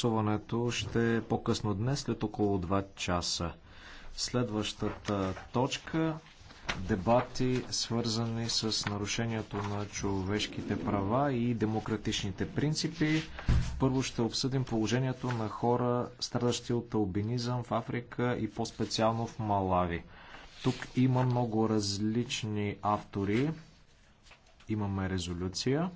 Гласуването ще е по-късно днес, след около 2 часа. Следващата точка дебати, свързани с нарушението на човешките права и демократичните принципи. Първо ще обсъдим положението на хора, страдащи от албинизъм в Африка и по-специално в Малави. Тук има много различни автори. Имаме резолюция.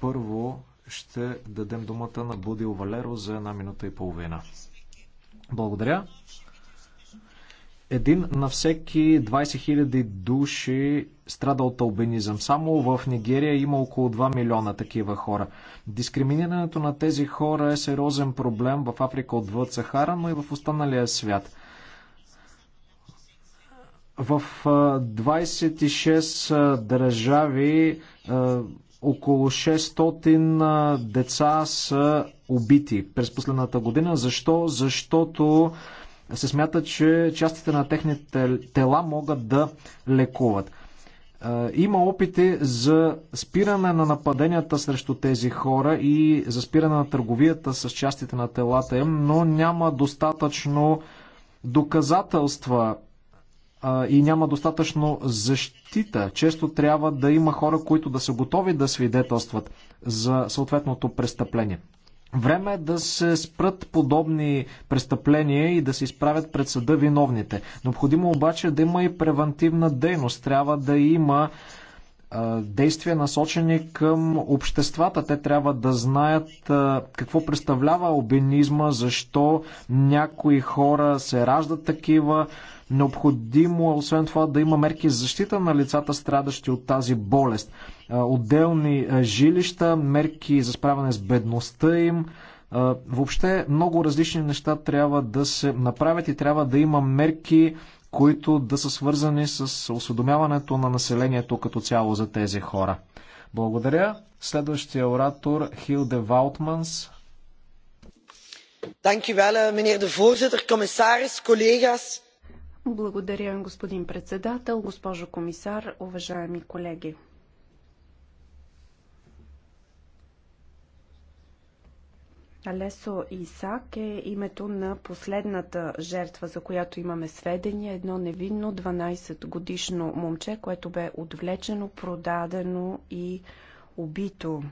Първо ще дадем думата на Будил Валеро за една минута и половина. Благодаря. Един на всеки 20 000 души страда от албинизъм. Само в Нигерия има около 2 милиона такива хора. Дискриминирането на тези хора е сериозен проблем в Африка отвъд Сахара, но и в останалия свят. В 26 държави около 600 деца са убити през последната година. Защо? Защото се смята, че частите на техните тела могат да лекуват. Има опити за спиране на нападенията срещу тези хора и за спиране на търговията с частите на телата им, но няма достатъчно доказателства и няма достатъчно защита. Често трябва да има хора, които да са готови да свидетелстват за съответното престъпление. Време е да се спрат подобни престъпления и да се изправят пред съда виновните. Необходимо обаче да има и превентивна дейност. Трябва да има действия насочени към обществата. Те трябва да знаят какво представлява обинизма, защо някои хора се раждат такива, Необходимо е освен това да има мерки за защита на лицата, страдащи от тази болест. Отделни жилища, мерки за справяне с бедността им. Въобще много различни неща трябва да се направят и трябва да има мерки, които да са свързани с осведомяването на населението като цяло за тези хора. Благодаря. Следващия оратор Хилде Ваутманс. Dank u wel, eh, meneer de voorzitter, commissaris, collega's. Благодаря, господин председател, госпожо комисар, уважаеми колеги. Алесо Исак е името на последната жертва, за която имаме сведения. Едно невинно 12-годишно момче, което бе отвлечено, продадено и убито.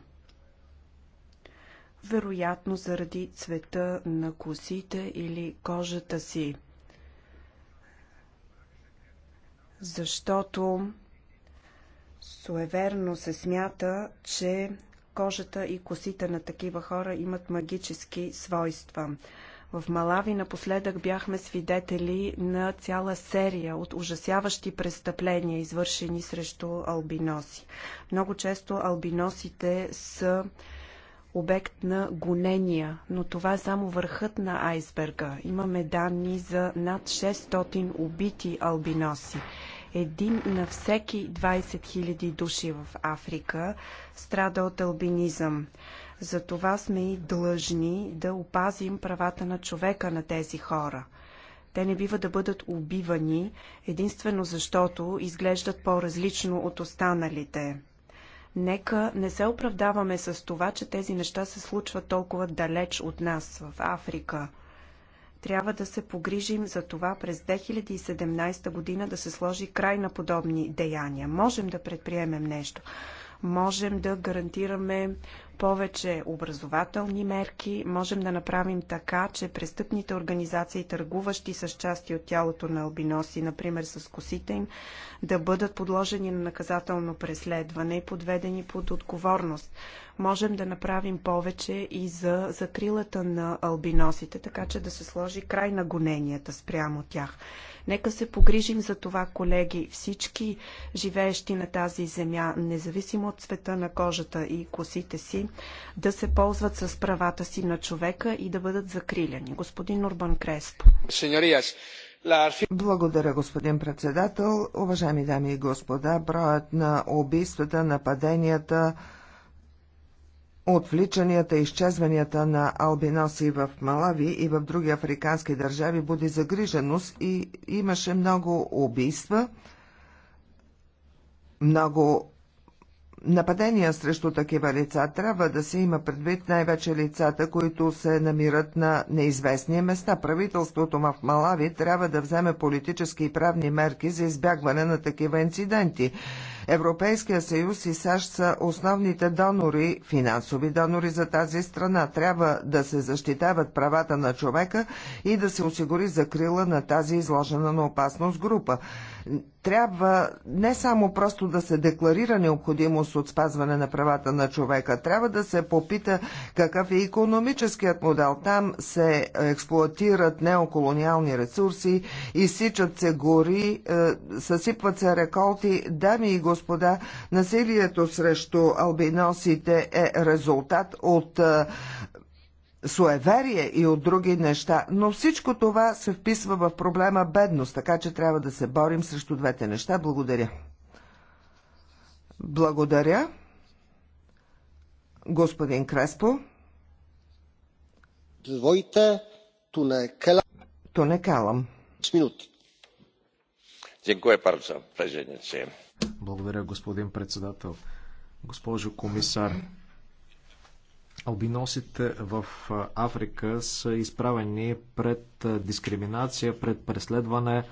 Вероятно заради цвета на косите или кожата си. защото суеверно се смята, че кожата и косите на такива хора имат магически свойства. В Малави напоследък бяхме свидетели на цяла серия от ужасяващи престъпления, извършени срещу албиноси. Много често албиносите са обект на гонения, но това е само върхът на айсберга. Имаме данни за над 600 убити албиноси. Един на всеки 20 000 души в Африка страда от албинизъм. Затова сме и длъжни да опазим правата на човека на тези хора. Те не бива да бъдат убивани единствено защото изглеждат по-различно от останалите. Нека не се оправдаваме с това, че тези неща се случват толкова далеч от нас, в Африка. Трябва да се погрижим за това през 2017 година да се сложи край на подобни деяния. Можем да предприемем нещо можем да гарантираме повече образователни мерки, можем да направим така, че престъпните организации, търгуващи с части от тялото на албиноси, например с косите им, да бъдат подложени на наказателно преследване и подведени под отговорност. Можем да направим повече и за закрилата на албиносите, така че да се сложи край на гоненията спрямо тях. Нека се погрижим за това, колеги, всички живеещи на тази земя, независимо от цвета на кожата и косите си, да се ползват с правата си на човека и да бъдат закриляни. Господин Урбан Креспо. Благодаря, господин председател. Уважаеми дами и господа, броят на убийствата, нападенията, Отвличанията и изчезванията на албиноси в Малави и в други африкански държави буди загриженост и имаше много убийства, много нападения срещу такива лица. Трябва да се има предвид най-вече лицата, които се намират на неизвестни места. Правителството в Малави трябва да вземе политически и правни мерки за избягване на такива инциденти. Европейския съюз и САЩ са основните донори, финансови донори за тази страна. Трябва да се защитават правата на човека и да се осигури закрила на тази изложена на опасност група трябва не само просто да се декларира необходимост от спазване на правата на човека, трябва да се попита какъв е економическият модел. Там се експлуатират неоколониални ресурси, изсичат се гори, е, съсипват се реколти. Дами и господа, господа, насилието срещу албиносите е резултат от суеверие и от други неща, но всичко това се вписва в проблема бедност, така че трябва да се борим срещу двете неща. Благодаря. Благодаря. Господин Креспо. Двойте тунекела. Тунекалам. Минути. Dziękuję bardzo, благодаря, господин председател. Госпожо комисар, Албиносите в Африка са изправени пред дискриминация, пред преследване.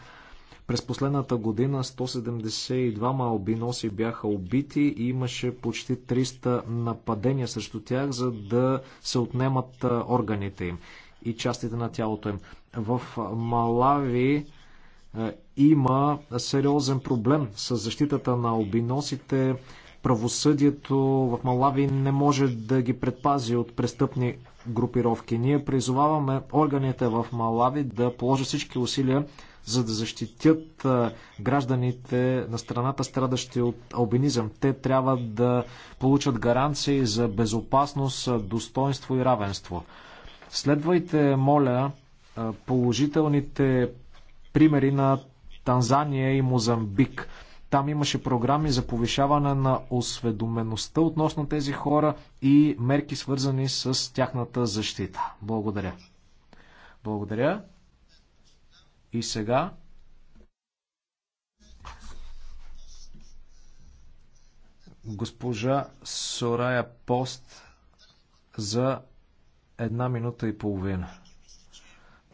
През последната година 172 албиноси бяха убити и имаше почти 300 нападения срещу тях, за да се отнемат органите им и частите на тялото им. В Малави е, има сериозен проблем с защитата на обиносите. Правосъдието в Малави не може да ги предпази от престъпни групировки. Ние призоваваме органите в Малави да положат всички усилия за да защитят е, гражданите на страната, страдащи от албинизъм. Те трябва да получат гаранции за безопасност, е, достоинство и равенство. Следвайте, моля, положителните примери на Танзания и Мозамбик. Там имаше програми за повишаване на осведомеността относно тези хора и мерки свързани с тяхната защита. Благодаря. Благодаря. И сега. Госпожа Сорая Пост за една минута и половина.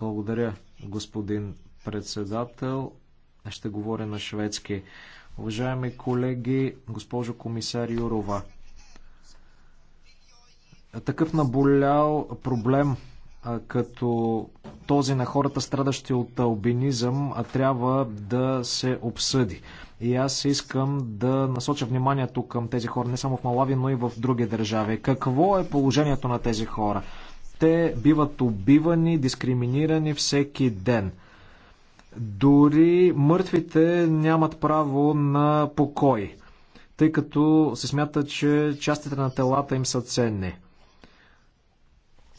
Благодаря, господин председател. Ще говоря на шведски. Уважаеми колеги, госпожо комисар Юрова, такъв наболял проблем като този на хората, страдащи от албинизъм, трябва да се обсъди. И аз искам да насоча вниманието към тези хора, не само в Малави, но и в други държави. Какво е положението на тези хора? Те биват убивани, дискриминирани всеки ден – дори мъртвите нямат право на покой, тъй като се смята, че частите на телата им са ценни.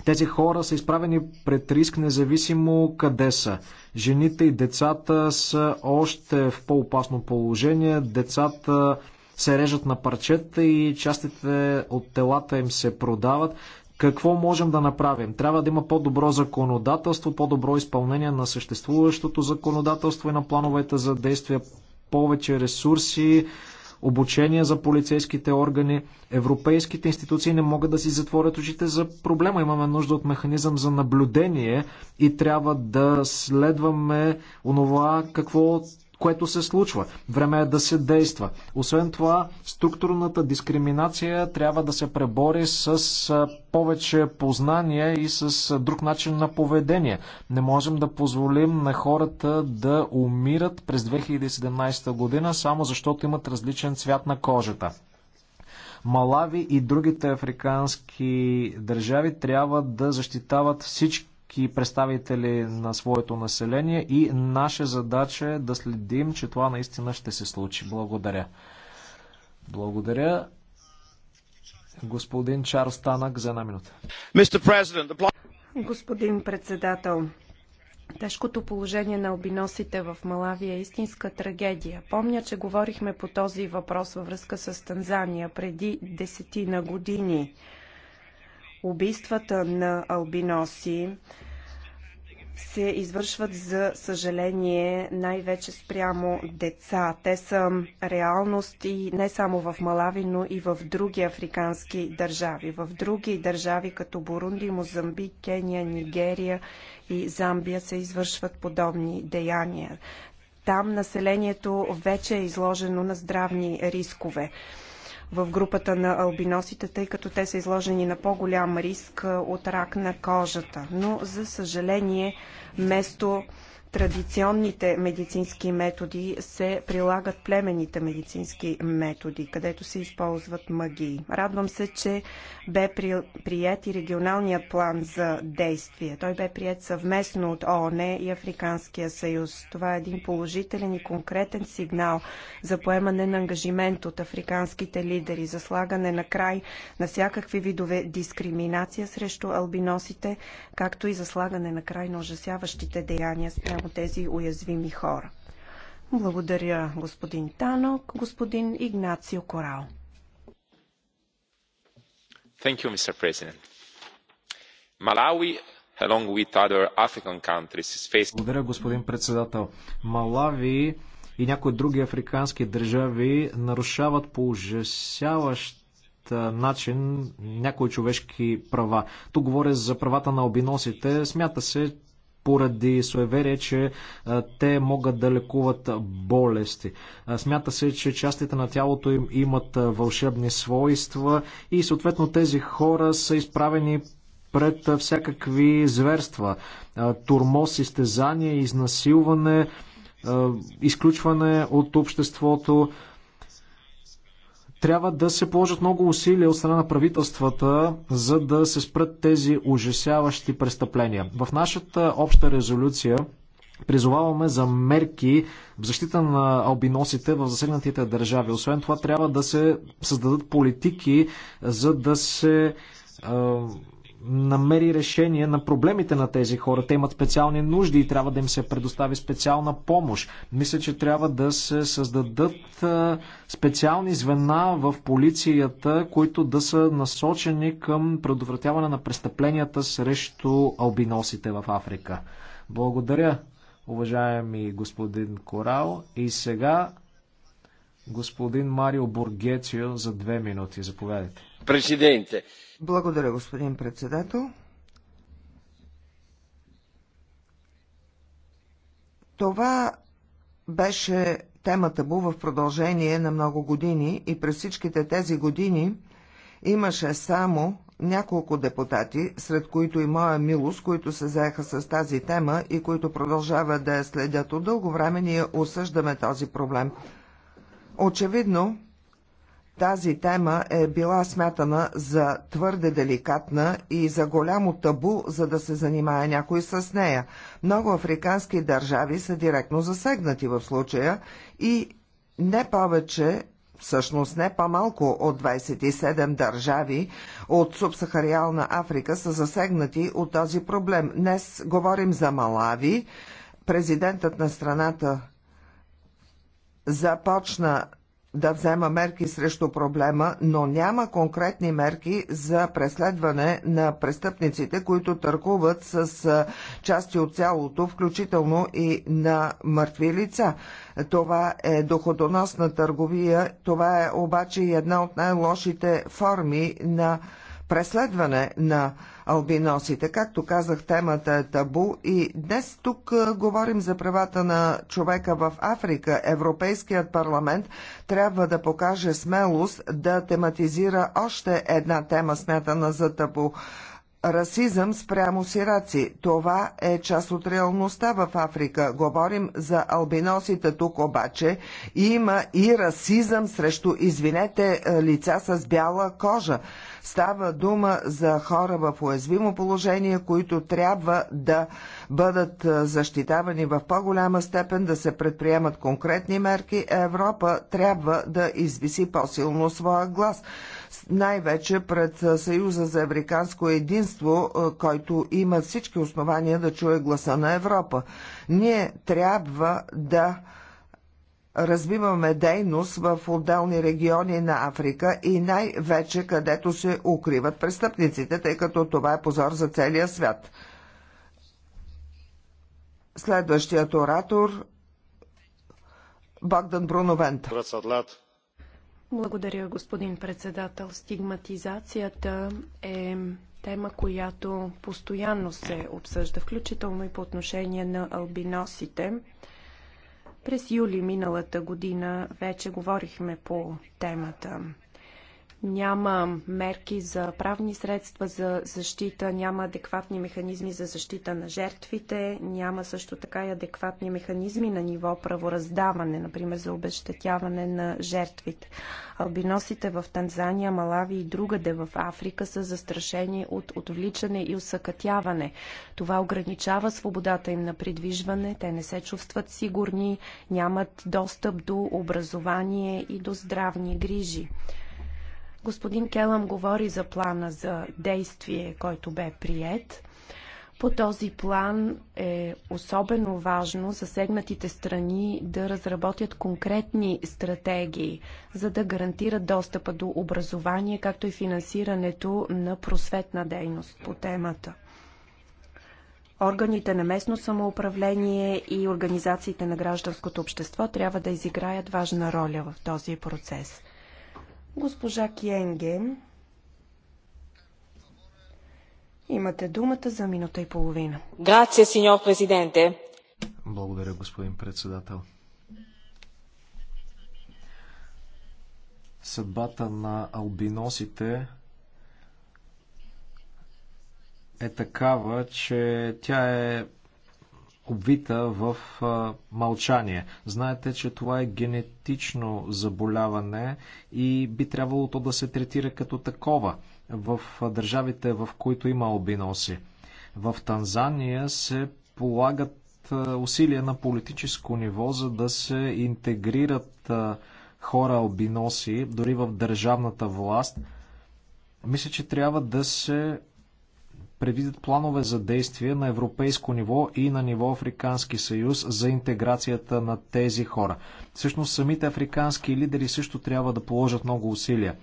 Тези хора са изправени пред риск независимо къде са. Жените и децата са още в по-опасно положение. Децата се режат на парчета и частите от телата им се продават. Какво можем да направим? Трябва да има по-добро законодателство, по-добро изпълнение на съществуващото законодателство и на плановете за действия, повече ресурси, обучение за полицейските органи. Европейските институции не могат да си затворят очите за проблема. Имаме нужда от механизъм за наблюдение и трябва да следваме онова какво което се случва. Време е да се действа. Освен това, структурната дискриминация трябва да се пребори с повече познания и с друг начин на поведение. Не можем да позволим на хората да умират през 2017 година, само защото имат различен цвят на кожата. Малави и другите африкански държави трябва да защитават всички всички представители на своето население и наша задача е да следим, че това наистина ще се случи. Благодаря. Благодаря. Господин Чарлз Танак за една минута. Господин председател, Тежкото положение на обиносите в Малави е истинска трагедия. Помня, че говорихме по този въпрос във връзка с Танзания преди десетина години. Убийствата на албиноси се извършват за съжаление най-вече спрямо деца. Те са реалност и не само в Малави, но и в други африкански държави. В други държави като Бурунди, Мозамбик, Кения, Нигерия и Замбия се извършват подобни деяния. Там населението вече е изложено на здравни рискове в групата на албиносите, тъй като те са изложени на по-голям риск от рак на кожата. Но, за съжаление, место традиционните медицински методи се прилагат племените медицински методи, където се използват магии. Радвам се, че бе прият и регионалният план за действие. Той бе прият съвместно от ООН и Африканския съюз. Това е един положителен и конкретен сигнал за поемане на ангажимент от африканските лидери за слагане на край на всякакви видове дискриминация срещу албиносите, както и за слагане на край на ужасяващите деяния спрямо спрямо тези уязвими хора. Благодаря господин Танок, господин Игнацио Корал. Thank you, Mr. President. Malawi, along with other African countries, is facing... Благодаря, господин председател. Малави и някои други африкански държави нарушават по ужасяващ начин някои човешки права. Тук говоря за правата на обиносите. Смята се, поради суеверие, че те могат да лекуват болести. Смята се, че частите на тялото им имат вълшебни свойства и съответно тези хора са изправени пред всякакви зверства. Турмоз, изтезание, изнасилване, изключване от обществото. Трябва да се положат много усилия от страна на правителствата, за да се спрат тези ужасяващи престъпления. В нашата обща резолюция призоваваме за мерки в защита на албиносите в засегнатите държави. Освен това, трябва да се създадат политики, за да се намери решение на проблемите на тези хора. Те имат специални нужди и трябва да им се предостави специална помощ. Мисля, че трябва да се създадат специални звена в полицията, които да са насочени към предотвратяване на престъпленията срещу албиносите в Африка. Благодаря, уважаеми господин Корал. И сега господин Марио Бургецио за две минути. Заповядайте. Президенте, благодаря, господин председател. Това беше тема табу в продължение на много години и през всичките тези години имаше само няколко депутати, сред които и моя милост, които се заеха с тази тема и които продължават да я следят. От дълго време ние осъждаме този проблем. Очевидно, тази тема е била смятана за твърде деликатна и за голямо табу, за да се занимае някой с нея. Много африкански държави са директно засегнати в случая и не повече Всъщност не по-малко от 27 държави от субсахариална Африка са засегнати от този проблем. Днес говорим за Малави. Президентът на страната започна да взема мерки срещу проблема, но няма конкретни мерки за преследване на престъпниците, които търкуват с части от цялото, включително и на мъртви лица. Това е доходоносна търговия, това е обаче и една от най-лошите форми на преследване на албиносите. Както казах, темата е табу и днес тук говорим за правата на човека в Африка. Европейският парламент трябва да покаже смелост да тематизира още една тема, смятана за табу расизъм спрямо сираци. Това е част от реалността в Африка. Говорим за албиносите тук обаче. Има и расизъм срещу, извинете, е, лица с бяла кожа. Става дума за хора в уязвимо положение, които трябва да бъдат е, защитавани в по-голяма степен, да се предприемат конкретни мерки. Европа трябва да извиси по-силно своя глас най-вече пред Съюза за африканско единство, е, който има всички основания да чуе гласа на Европа. Ние трябва да развиваме дейност в отделни региони на Африка и най-вече където се укриват престъпниците, тъй като това е позор за целия свят. Следващият оратор Богдан Бруновент. Благодаря, господин председател. Стигматизацията е тема, която постоянно се обсъжда, включително и по отношение на албиносите. През юли миналата година вече говорихме по темата. Няма мерки за правни средства за защита, няма адекватни механизми за защита на жертвите, няма също така и адекватни механизми на ниво правораздаване, например за обещетяване на жертвите. Албиносите в Танзания, Малави и другаде в Африка са застрашени от отвличане и усъкътяване. Това ограничава свободата им на придвижване, те не се чувстват сигурни, нямат достъп до образование и до здравни грижи. Господин Келъм говори за плана за действие, който бе прият. По този план е особено важно засегнатите страни да разработят конкретни стратегии, за да гарантират достъпа до образование, както и финансирането на просветна дейност по темата. Органите на местно самоуправление и организациите на гражданското общество трябва да изиграят важна роля в този процес. Госпожа Киенге, имате думата за минута и половина. Грация, синьор президенте. Благодаря, господин председател. Съдбата на албиносите е такава, че тя е обвита в мълчание. Знаете, че това е генетично заболяване и би трябвало то да се третира като такова в държавите, в които има албиноси. В Танзания се полагат усилия на политическо ниво, за да се интегрират хора албиноси, дори в държавната власт. Мисля, че трябва да се предвидят планове за действие на европейско ниво и на ниво Африкански съюз за интеграцията на тези хора. Всъщност самите африкански лидери също трябва да положат много усилия,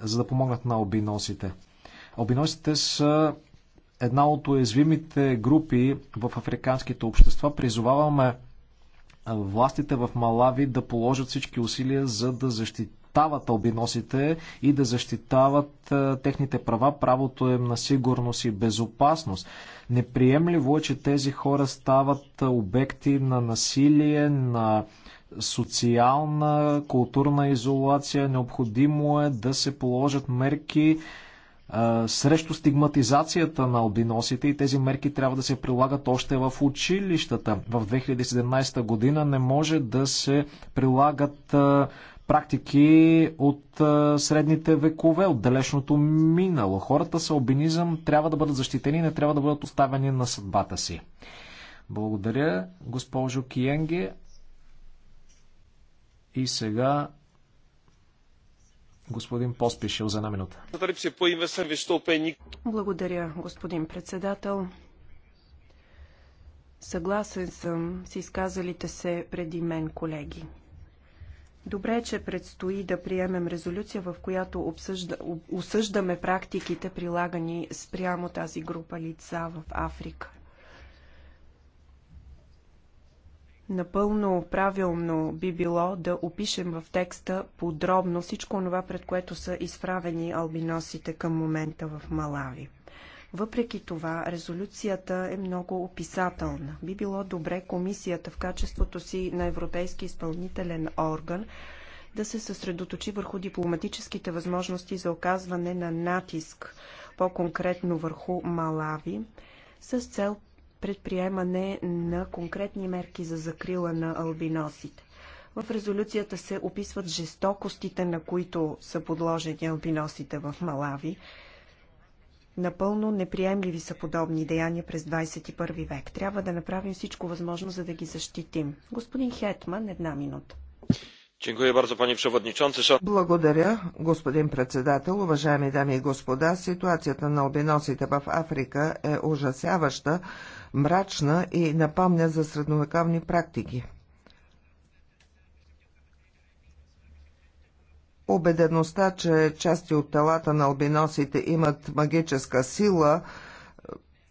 за да помогнат на обиносите. Обиносите са една от уязвимите групи в африканските общества. Призоваваме властите в Малави да положат всички усилия, за да защитят защитават албиносите и да защитават е, техните права, правото им на сигурност и безопасност. Неприемливо е, че тези хора стават е, обекти на насилие, на социална, културна изолация. Необходимо е да се положат мерки е, срещу стигматизацията на албиносите и тези мерки трябва да се прилагат още в училищата. В 2017 година не може да се прилагат практики от средните векове, от далечното минало. Хората с албинизъм трябва да бъдат защитени, не трябва да бъдат оставени на съдбата си. Благодаря, госпожо Киенге. И сега господин Поспишил за една минута. Благодаря, господин председател. Съгласен съм с изказалите се преди мен колеги. Добре, е, че предстои да приемем резолюция, в която обсъжда, осъждаме практиките, прилагани спрямо тази група лица в Африка. Напълно правилно би било да опишем в текста подробно всичко това, пред което са изправени албиносите към момента в Малави. Въпреки това, резолюцията е много описателна. Би било добре комисията в качеството си на европейски изпълнителен орган да се съсредоточи върху дипломатическите възможности за оказване на натиск, по-конкретно върху Малави, с цел предприемане на конкретни мерки за закрила на албиносите. В резолюцията се описват жестокостите, на които са подложени албиносите в Малави. Напълно неприемливи са подобни деяния през 21 век. Трябва да направим всичко възможно, за да ги защитим. Господин Хетман, една минута. Благодаря, господин председател. Уважаеми дами и господа, ситуацията на обиносите в Африка е ужасяваща, мрачна и напомня за средновековни практики. Обедеността, че части от телата на албиносите имат магическа сила,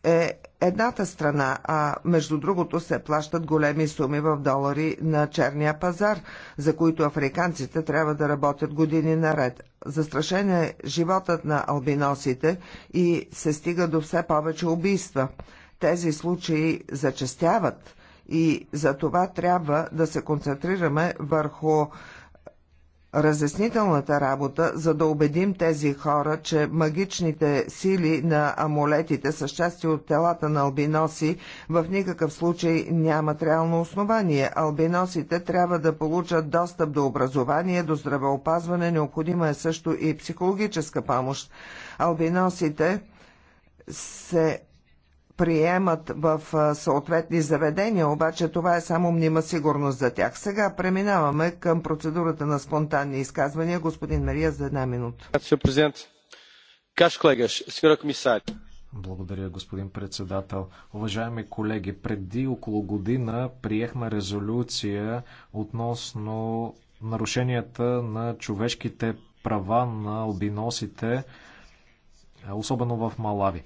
е едната страна, а между другото се плащат големи суми в долари на черния пазар, за които африканците трябва да работят години наред. Застрашен е животът на албиносите и се стига до все повече убийства. Тези случаи зачестяват и за това трябва да се концентрираме върху разяснителната работа, за да убедим тези хора, че магичните сили на амулетите са части от телата на албиноси, в никакъв случай нямат реално основание. Албиносите трябва да получат достъп до образование, до здравеопазване, необходима е също и психологическа помощ. Албиносите се приемат в съответни заведения, обаче това е само мнима сигурност за тях. Сега преминаваме към процедурата на спонтанни изказвания. Господин Мария, за една минута. Благодаря, господин председател. Уважаеми колеги, преди около година приехме резолюция относно нарушенията на човешките права на обиносите, особено в Малави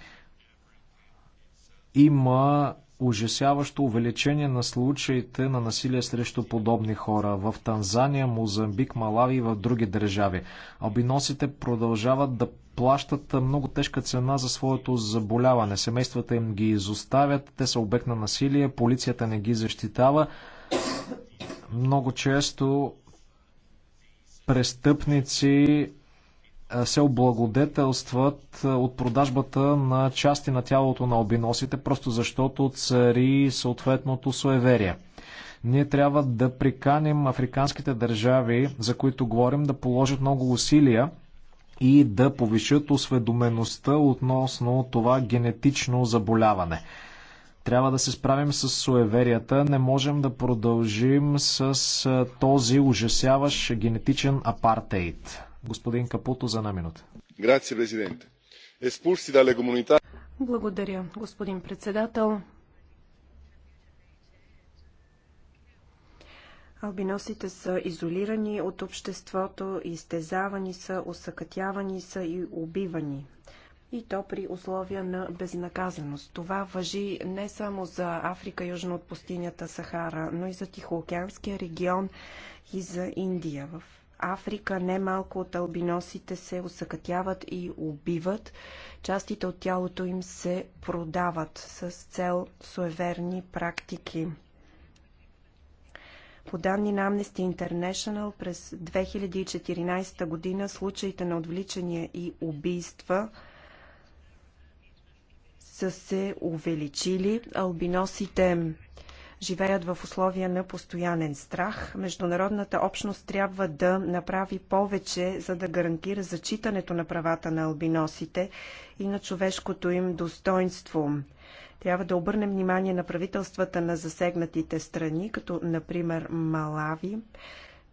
има ужасяващо увеличение на случаите на насилие срещу подобни хора в Танзания, Мозамбик, Малави и в други държави. Албиносите продължават да плащат много тежка цена за своето заболяване. Семействата им ги изоставят, те са обект на насилие, полицията не ги защитава. Много често престъпници е, се облагодетелстват е, от продажбата на части на тялото на обиносите, просто защото цари съответното суеверие. Ние трябва да приканим африканските държави, за които говорим, да положат много усилия и да повишат осведомеността относно това генетично заболяване. Трябва да се справим с суеверията, не можем да продължим с е, този ужасяващ генетичен апартейт. Господин Капуто за една минута. Грация, президенте. комунита. Благодаря, господин председател. Албиносите са изолирани от обществото, изтезавани са, осъкътявани са и убивани. И то при условия на безнаказаност. Това въжи не само за Африка, южно от пустинята Сахара, но и за Тихоокеанския регион и за Индия. В Африка немалко от албиносите се осъкътяват и убиват. Частите от тялото им се продават с цел суеверни практики. По данни на Amnesty International през 2014 година случаите на отвличания и убийства са се увеличили. Албиносите живеят в условия на постоянен страх. Международната общност трябва да направи повече, за да гарантира зачитането на правата на албиносите и на човешкото им достоинство. Трябва да обърнем внимание на правителствата на засегнатите страни, като например Малави,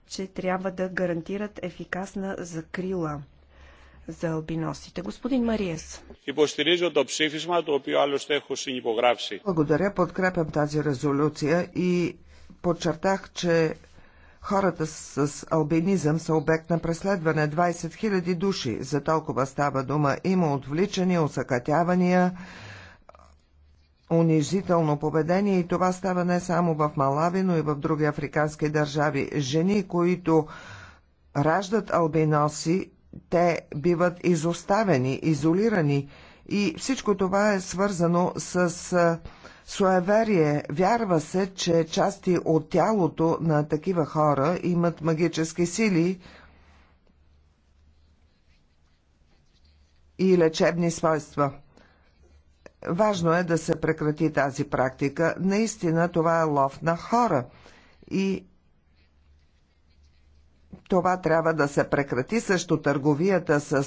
че трябва да гарантират ефикасна закрила – за албиносите. Господин Мариес. Благодаря, подкрепям тази резолюция и подчертах, че Хората с албинизъм са обект на преследване 20 000 души. За толкова става дума. Има отвличани, осъкатявания, унизително поведение и това става не само в Малави, но и в други африкански държави. Жени, които раждат албиноси, те биват изоставени, изолирани и всичко това е свързано с суеверие. Вярва се, че части от тялото на такива хора имат магически сили и лечебни свойства. Важно е да се прекрати тази практика. Наистина това е лов на хора. И това трябва да се прекрати също търговията с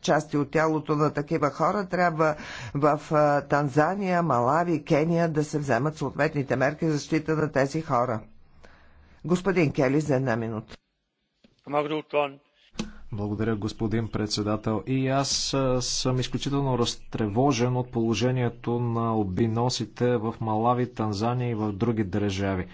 части от тялото на такива хора. Трябва в Танзания, Малави, Кения да се вземат съответните мерки за защита на тези хора. Господин Кели за една минута. Благодаря, господин председател. И аз съм изключително разтревожен от положението на обиносите в Малави, Танзания и в други държави.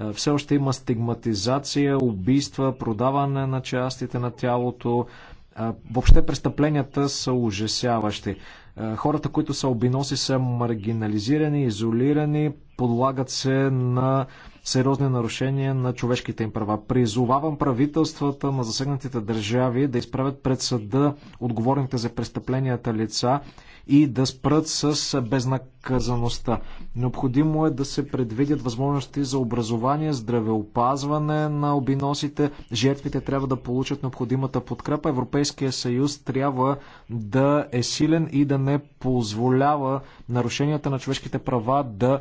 Е, все още има стигматизация, убийства, продаване на частите на тялото. Е, въобще престъпленията са ужасяващи. Е, хората, които са обиноси, са маргинализирани, изолирани, подлагат се на сериозни нарушения на човешките им права. Призовавам правителствата на засегнатите държави да изправят пред съда отговорните за престъпленията лица и да спрат с безнаказаността. Необходимо е да се предвидят възможности за образование, здравеопазване на обиносите. Жертвите трябва да получат необходимата подкрепа. Европейския съюз трябва да е силен и да не позволява нарушенията на човешките права да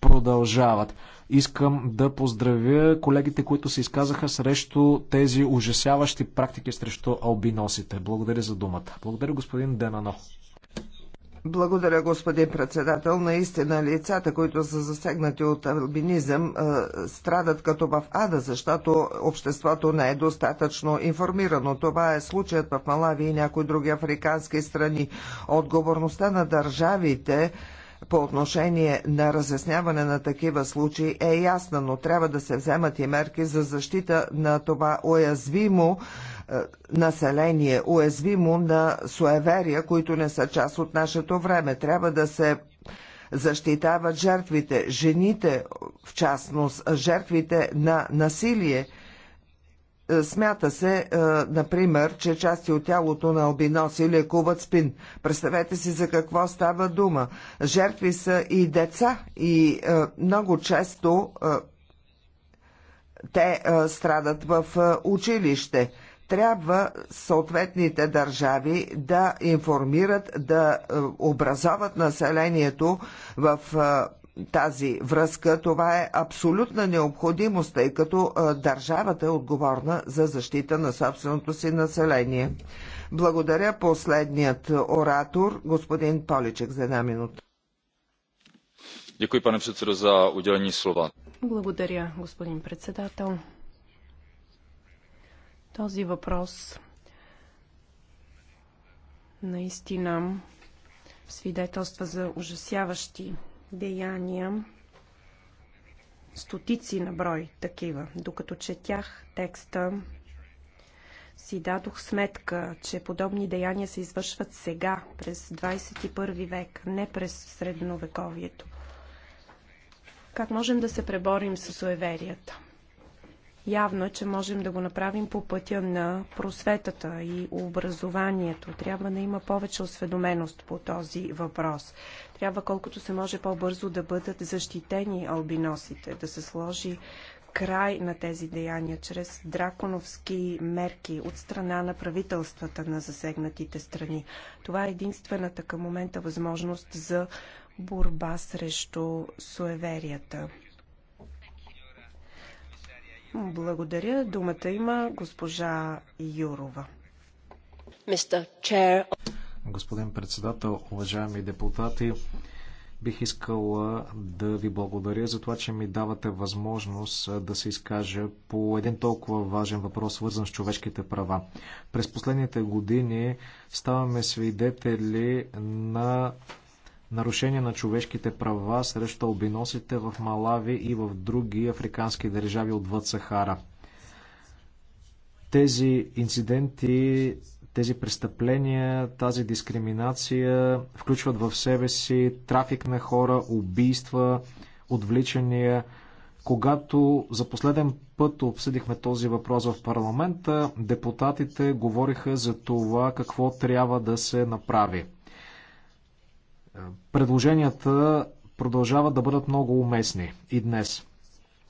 продължават. Искам да поздравя колегите, които се изказаха срещу тези ужасяващи практики срещу албиносите. Благодаря за думата. Благодаря господин Денано. Благодаря, господин председател. Наистина лицата, които са засегнати от албинизъм, страдат като в ада, защото обществото не е достатъчно информирано. Това е случаят в Малави и някои други африкански страни. Отговорността на държавите по отношение на разясняване на такива случаи е ясна, но трябва да се вземат и мерки за защита на това уязвимо е, население, уязвимо на суеверия, които не са част от нашето време. Трябва да се защитават жертвите, жените в частност, жертвите на насилие – е, смята се, е, например, че части от тялото на албиноси лекуват спин. Представете си за какво става дума. Жертви са и деца и е, много често те страдат в училище. Трябва съответните държави да информират, да образоват населението в тази връзка това е абсолютна необходимост, тъй като държавата е отговорна за защита на собственото си население. Благодаря последният оратор, господин Поличек, за една минута. Děkuji, pane předsedo, za udělení slova. Благодаря, господин председател. Този въпрос наистина свидетелства за ужасяващи деяния, стотици на брой такива. Докато четях текста, си дадох сметка, че подобни деяния се извършват сега, през 21 век, не през средновековието. Как можем да се преборим с суеверията? Явно е, че можем да го направим по пътя на просветата и образованието. Трябва да има повече осведоменост по този въпрос. Трябва колкото се може по-бързо да бъдат защитени албиносите, да се сложи край на тези деяния чрез драконовски мерки от страна на правителствата на засегнатите страни. Това е единствената към момента възможност за борба срещу суеверията. Благодаря. Думата има госпожа Юрова. Господин председател, уважаеми депутати, бих искала да ви благодаря за това, че ми давате възможност да се изкажа по един толкова важен въпрос, свързан с човешките права. През последните години ставаме свидетели на нарушения на човешките права срещу албиносите в Малави и в други африкански държави отвъд Сахара. Тези инциденти, тези престъпления, тази дискриминация включват в себе си трафик на хора, убийства, отвличания. Когато за последен път обсъдихме този въпрос в парламента, депутатите говориха за това какво трябва да се направи Предложенията продължават да бъдат много уместни и днес.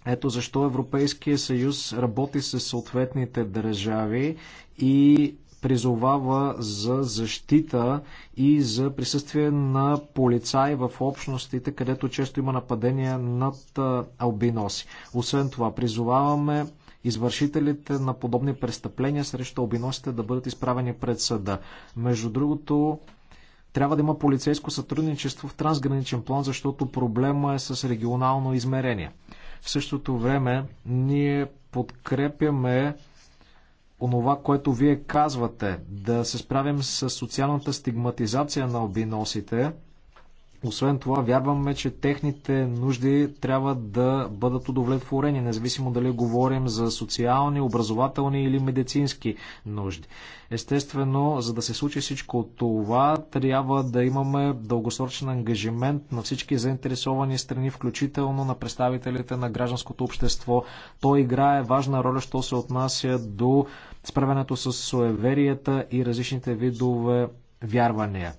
Ето защо Европейския съюз работи с съответните държави и призовава за защита и за присъствие на полицаи в общностите, където често има нападения над албиноси. Освен това, призоваваме извършителите на подобни престъпления срещу албиносите да бъдат изправени пред съда. Между другото, трябва да има полицейско сътрудничество в трансграничен план, защото проблема е с регионално измерение. В същото време ние подкрепяме онова, което вие казвате, да се справим с социалната стигматизация на обиносите, освен това, вярваме, че техните нужди трябва да бъдат удовлетворени, независимо дали говорим за социални, образователни или медицински нужди. Естествено, за да се случи всичко това, трябва да имаме дългосрочен ангажимент на всички заинтересовани страни, включително на представителите на гражданското общество. Той играе важна роля, що се отнася до справянето с суеверията и различните видове вярвания.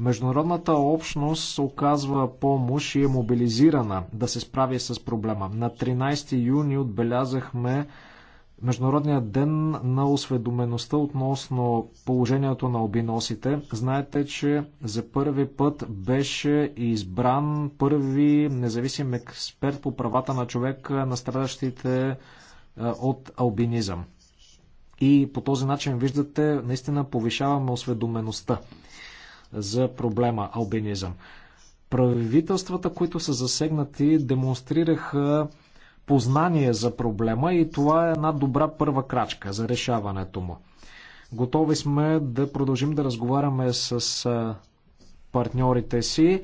Международната общност оказва помощ и е мобилизирана да се справи с проблема. На 13 юни отбелязахме Международният ден на осведомеността относно положението на обиносите. Знаете, че за първи път беше избран първи независим експерт по правата на човека на страдащите е, от албинизъм. И по този начин, виждате, наистина повишаваме осведомеността за проблема албинизъм. Правителствата, които са засегнати, демонстрираха познание за проблема и това е една добра първа крачка за решаването му. Готови сме да продължим да разговаряме с партньорите си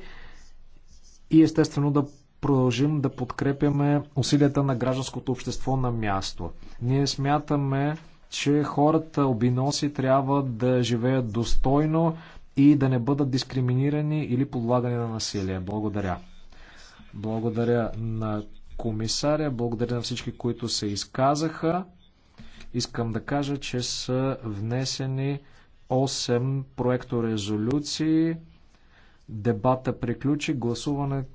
и естествено да продължим да подкрепяме усилията на гражданското общество на място. Ние смятаме, че хората обиноси трябва да живеят достойно, и да не бъдат дискриминирани или подлагани на насилие. Благодаря. Благодаря на комисаря, благодаря на всички, които се изказаха. Искам да кажа, че са внесени 8 проекторезолюции. Дебата приключи. Гласуването